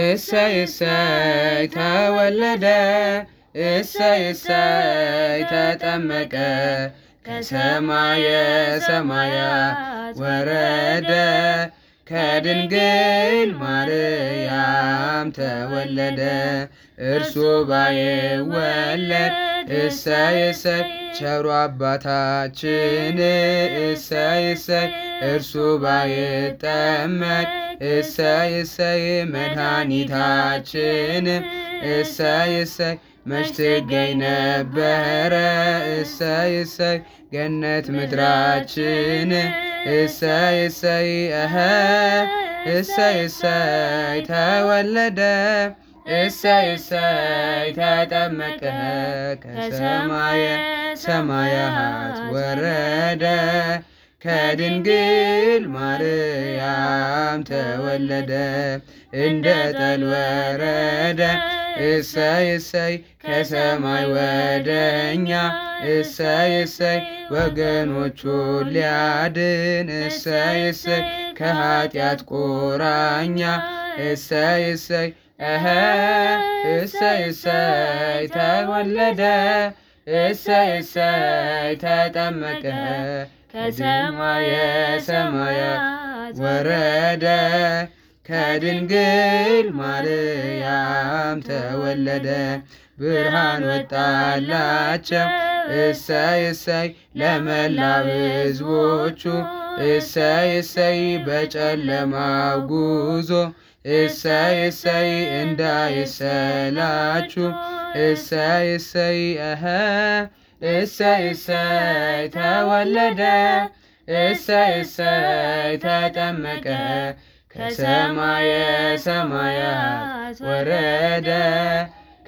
እሰይ እሰይ ተወለደ እሰይ እሰይ ተጠመቀ ከሰማየ ሰማያ ወረደ ከድንግል ማር ከማርያም ተወለደ። እርሱ ባይወለድ እሰይ እሰይ ቸሩ አባታችን እሰይ እሰይ እርሱ ባይጠመቅ እሰይ እሰይ መድኃኒታችን እሰይ እሰይ መች ትገኝ ነበረ እሰይ እሰይ ገነት ምድራችን እሰይ እሰይ እሰይ እሰይ ተወለደ እሰይ እሰይ ተጠመቀ ከሰማየ ሰማያት ወረደ ከድንግል ማርያም ተወለደ እንደ ጠል ወረደ እሰይ እሰይ ከሰማይ ወደኛ እሰይ እሰይ ወገኖቹ ሊያድን እሰይ እሰይ ከኃጢአት ቁራኛ እሰይ እሰይ እሀ እሰይ እሰይ ተወለደ እሰይ እሰይ ተጠመቀ ከሰማየ ሰማያት ወረደ ከድንግል ማርያም ተወለደ። ብርሃን ወጣላቸው እሰይ እሰይ ለመላው ሕዝቦቹ እሰይ እሰይ በጨለማ ጉዞ እሰይ እሰይ እንዳይሰላችሁ እሰይ እሰይ እሰይ እሰይ ተወለደ እሰይ እሰይ ተጠመቀ ከሰማየ ሰማያት ወረደ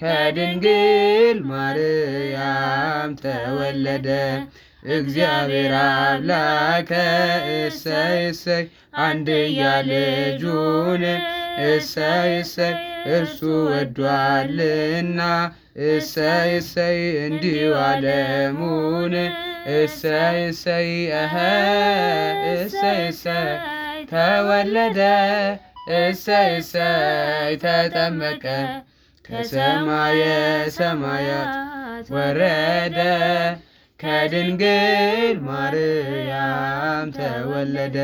ከድንግል ማርያም ተወለደ እግዚአብሔር አምላከ እሰይ እሰይ አንድያ ልጁን እሰይ እሰይ እርሱ ወዷልና እሰይ እሰይ እንዲሁ ዓለሙን እሰይ እሰይ አሀ እሰይ እሰይ ተወለደ እሰይ እሰይ ተጠመቀ ከሰማየ ሰማያት ወረደ ከድንግል ማርያም ተወለደ።